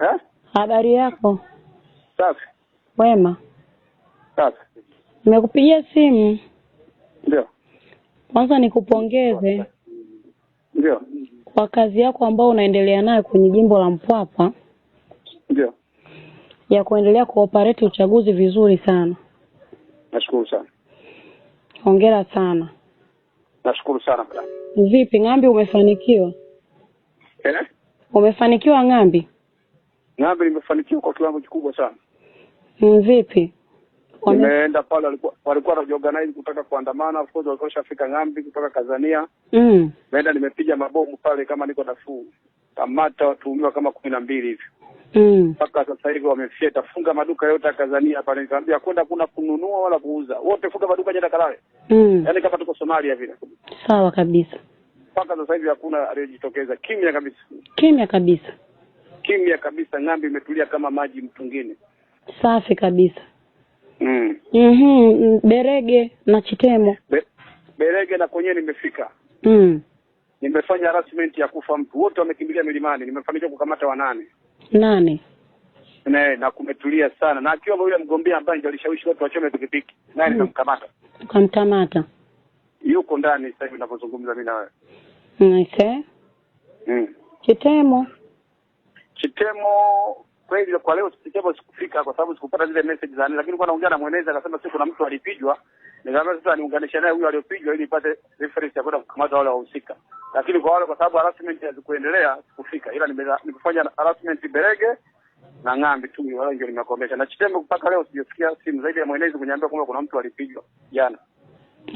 Ha? Habari yako? Safi. Wema. Safi. Nimekupigia simu. Ndio. Kwanza nikupongeze. Ndio. Kwa kazi yako ambayo unaendelea nayo kwenye jimbo la Mpwapwa. Ndio. Ya kuendelea kuoperate uchaguzi vizuri sana. Nashukuru sana. Hongera sana. Nashukuru sana kwa. Vipi ng'ambi umefanikiwa? Eh? Umefanikiwa ng'ambi? Ng'ambe limefanikiwa kwa kiwango kikubwa sana. Vipi? Nimeenda pale, walikuwa walikuwa wanajiorganize kutaka kuandamana, of course walikuwa washafika Ng'ambi kutoka Tanzania. Mm. Naenda nimepiga mabomu pale kama niko nafuu. Kamata watuhumiwa kama kumi na mbili hivi. Mm. Mpaka sasa hivi wamefia, funga maduka yote ya Tanzania pale. Nikamwambia kwenda kuna kununua wala kuuza, wote funga maduka, nenda kalale. Mm. Yaani kama tuko Somalia vile. Sawa kabisa. Mpaka sasa hivi hakuna aliyejitokeza, kimya kabisa, kimya kabisa kimya kabisa, ng'ambi imetulia kama maji mtungine Safi kabisa. Mm. Mm-hmm. Berege na Chitemo. Be, Berege na kwenyewe nimefika. Mm. Nimefanya harassment ya kufa mtu, wote wamekimbilia milimani, nimefanikiwa kukamata wanane. Nane. Ne, na kumetulia sana, na akiwa yule mgombea ambaye alishawishi watu wachome pikipiki, naye nimemkamata. Mm. Ukamkamata? Yuko ndani sasa hivi ninapozungumza mimi na wewe. Nice. Mm. Chitemo. Chitemo kweli kwa leo Chitemo sikufika kwa sababu sikupata zile message zani, lakini kwa naongea na mweneza akasema si kuna mtu alipijwa, nikaambia sasa niunganisha naye huyo aliyopijwa ili nipate reference ya kwenda kukamata wale wahusika, lakini kwa wale kwa sababu harassment hazikuendelea sikufika, ila nimefanya harassment Berege na Ng'ambi tu wale ndio nimekomesha, na Chitemo mpaka leo sijasikia simu zaidi ya mwenezi kuniambia kwamba kuna mtu alipijwa jana.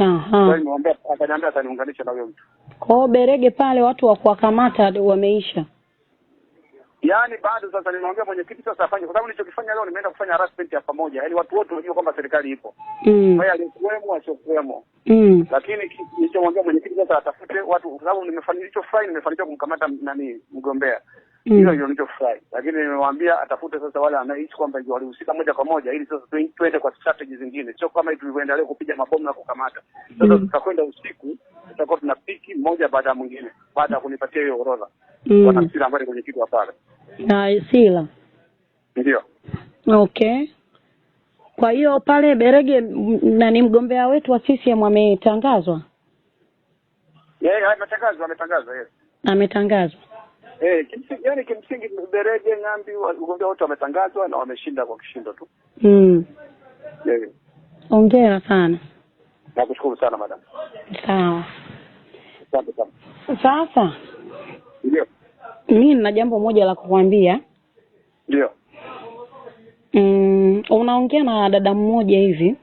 Aha. Kwa Akaniambia ataniunganisha na huyo mtu. Kwa Berege pale watu wa kuwakamata wameisha Yaani bado sasa nimemwambia mwenyekiti sasa afanye kwa sababu nilichokifanya leo nimeenda kufanya harassment ya pamoja. Yaani watu wote wajue kwamba serikali ipo. Mm. Kwa hiyo alikuwemo asiokuwemo. Mm. Lakini nilichomwambia mwenyekiti sasa atafute watu kwa sababu nimefanya hicho fry nimefanikiwa kumkamata nani mgombea. Mm. Hilo ndio nilichofurahi. Lakini nimemwambia atafute sasa wale anaishi kwamba ndio walihusika moja kwa moja ili sasa tuende kwa strategy zingine. Sio kama hivi leo kupiga mabomu na kukamata. Sasa mm. tutakwenda usiku tutakuwa tunapiki mmoja baada ya mwingine baada ya kunipatia hiyo orodha. Mm. Wanafikiri ambaye kwenye kitu pale na Isila. Ndio. Okay. Kwa hiyo pale Berege na ni mgombea wetu wa CCM ametangazwa? Yeye yeah, ametangazwa, ametangazwa yes. Ametangazwa. Eh, kimsingi yani kimsingi Berege Ng'ambi wagombea wote wametangazwa na wameshinda kwa kishindo tu. Mm. Yeah. Hongera sana. Nakushukuru sana madam. Sawa. Asante sana. Sasa Mi nina jambo moja la kukwambia. Ndio. Mm, unaongea na dada mmoja hivi.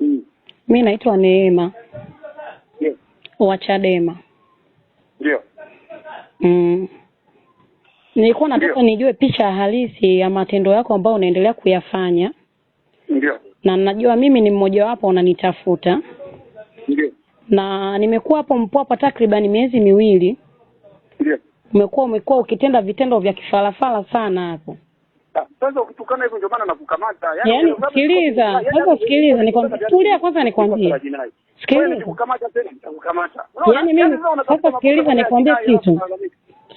Mm. Mi naitwa Neema. Ndio. Wa Chadema. Ndio. Mm. Nilikuwa nataka nijue picha halisi ya matendo yako ambayo unaendelea kuyafanya. Ndio. Na najua mimi ni mmojawapo unanitafuta. Ndio. Na nimekuwa hapo Mpwapwa takribani miezi miwili. Ndio umekuwa umekuwa ukitenda vitendo vya kifarafara sana hapo. Ah, sasa ukitukana hivyo ndio maana nakukamata. Yaani, yaani sikiliza, sasa sikiliza, ni yaani nikwambie tulia kwanza yaani nikwambie. Yaani sikiliza. tena Yaani mimi sasa sikiliza nikwambie kitu.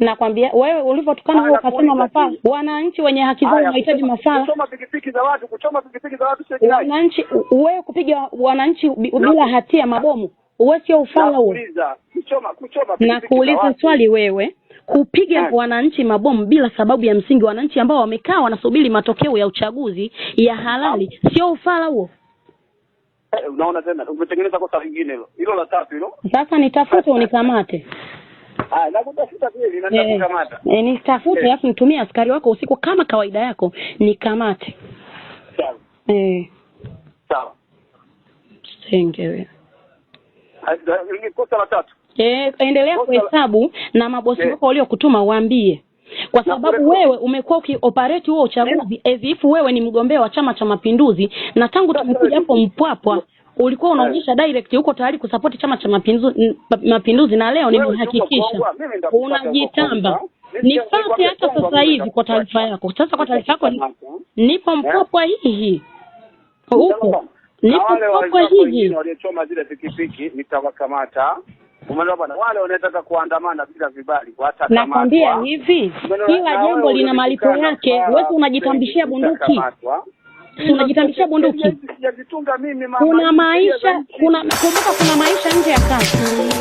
Nakwambia wewe ulivyotukana huo ukasema mafaa Wananchi wenye haki zao wanahitaji mafaa Kuchoma pikipiki za watu, kuchoma pikipiki za watu sio jinai. Wananchi wewe kupiga wananchi bila hatia mabomu, wewe sio ufala huo. Kuchoma kuchoma Na kuuliza swali wewe kupiga wananchi mabomu bila sababu ya msingi, wananchi ambao wamekaa wanasubiri matokeo ya uchaguzi ya halali, sio ufala huo? Eh, unaona tena umetengeneza kosa lingine hilo hilo la tatu hilo. Sasa nitafute unikamate. Ah, na eh, eh, nitafute eh. alafu nitumie askari wako usiku kama kawaida yako nikamate. Sawa. Eh. Sawa. Tenge ah, endelea kuhesabu na mabosi wako waliokutuma waambie kwa sababu wewe umekuwa ukioperate huo uchaguzi as if wewe ni mgombea wa Chama cha Mapinduzi, na tangu tumekuja hapo Mpwapwa ulikuwa unaonyesha direct uko tayari kusapoti Chama cha Mapinduzi, Mapinduzi, na leo nimehakikisha unajitamba nifate hata sasa hivi kwa taarifa yako. Sasa kwa taarifa yako nipo Mpwapwa hihi huko, nipo Mpwapwa hihi. Waliochoma zile pikipiki nitawakamata. Umeona bwana? Wale wanataka kuandamana bila vibali watakamatwa. Nakwambia hivi, kila jambo lina malipo yake. Wewe unajitambishia bunduki unajitambishia bunduki, kuna maisha, kuna kumbuka, kuna maisha nje ya kazi.